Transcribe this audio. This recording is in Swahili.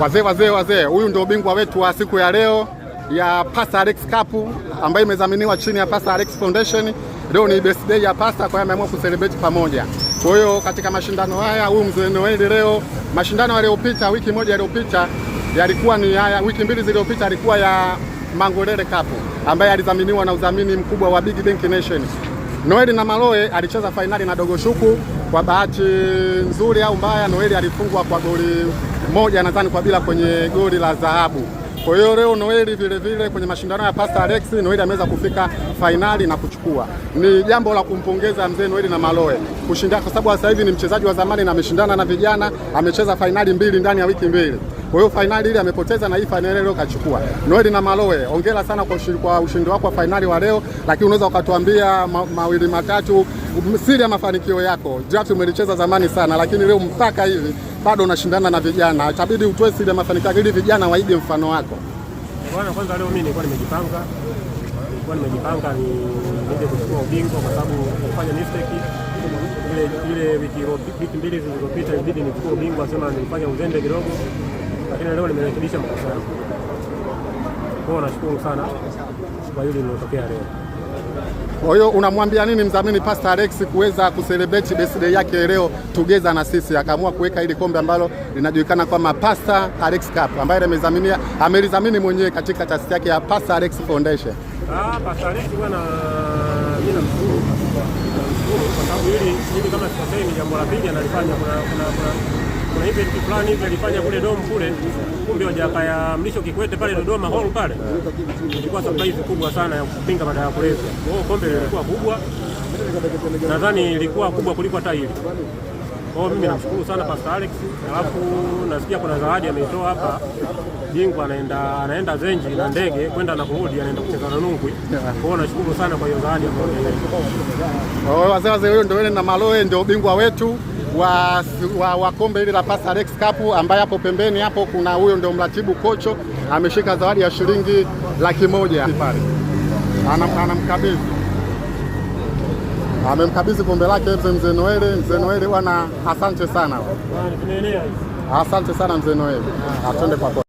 Wazee wazee wazee, huyu ndio ubingwa wetu wa siku ya leo ya Pastor Alex Cup ambayo imezaminiwa chini ya Pastor Alex Foundation. Leo ni birthday ya Pastor, kwa hiyo ameamua kucelebrate pamoja. Kwa hiyo katika mashindano haya, huyu mzee leo, mashindano yaliyopita, wiki moja iliyopita yalikuwa ni haya, wiki mbili zilizopita alikuwa ya Mangolele Cup ambaye alizaminiwa na udhamini mkubwa wa Big Bank Nation. Noeli na Maloe alicheza fainali na Dogoshuku. Kwa bahati nzuri au mbaya, Noeli alifungwa kwa goli moja nadhani kwa bila kwenye goli la dhahabu. Kwa hiyo leo Noeli vile vile kwenye mashindano ya Pastor Alex Noeli ameweza kufika fainali na kuchukua. Ni jambo la kumpongeza mzee Noeli na Maloe kushinda, kwa sababu sasa hivi ni mchezaji wa zamani na ameshindana na vijana, amecheza fainali mbili ndani ya wiki mbili. Kwa hiyo fainali ile amepoteza na hii fainali leo kachukua. Noeli na Maloe, hongera sana kwa ushindi, kwa ushindi wako wa fainali wa leo, lakini unaweza ukatuambia ma, mawili matatu siri ya mafanikio yako. Draft umelicheza zamani sana, lakini leo mpaka hivi bado unashindana na vijana, itabidi utoe sile mafanikio ili vijana waige mfano wako. Bwana, kwanza leo mimi nilikuwa nimejipanga, nilikuwa nimejipanga nije kuchukua ubingwa kwa sababu nilifanya mistake ile wiki mbili zilizopita, ilibidi nichukue ubingwa, sema nilifanya uzembe kidogo, lakini leo nimerekebisha makosa yangu. Kwa hiyo nashukuru sana kwa hili lililotokea leo. Kwa hiyo unamwambia nini mdhamini Pastor Alex kuweza kuselebrate birthday yake leo tugeza na sisi, akaamua kuweka ile kombe ambalo linajulikana kama Pastor Alex Cup ambaye amezaminia amelizamini mwenyewe katika taasisi yake ya Pastor Alex Foundation. Ah, Pastor Alex bwana, mimi namshukuru kwa sababu hili hili kama sikosei ni jambo la pili analifanya kuna kuna kuna event fulani hivi alifanya kule domu kule, kumbe wajaka ya Mlisho Kikwete pale Dodoma hall pale, ilikuwa surprise kubwa sana ya kupinga mada ya kulevya. hiyo kombe lilikuwa kubwa, nadhani ilikuwa kubwa kuliko hata hili. Kwa hiyo mimi namshukuru sana Pastor Alex, alafu nasikia kuna zawadi ameitoa hapa Bingwa anaenda anaenda Zenji na ndege kwenda na kurudi, anaenda kucheza na Nungwi. Kwa hiyo nashukuru sana kwa hiyo zawadi ambayo oh, wazee, huyo ndio na maloe ndio bingwa wetu wa, wa, wa kombe hili la Pasarex Cup, ambaye hapo pembeni hapo kuna huyo ndio mratibu kocho, ameshika zawadi ya shilingi laki moja pale, anamkabidhi amemkabidhi kombe lake mzee Noele. Mzee Noele bwana, asante sana, asante sana mzee Noele, atende kwa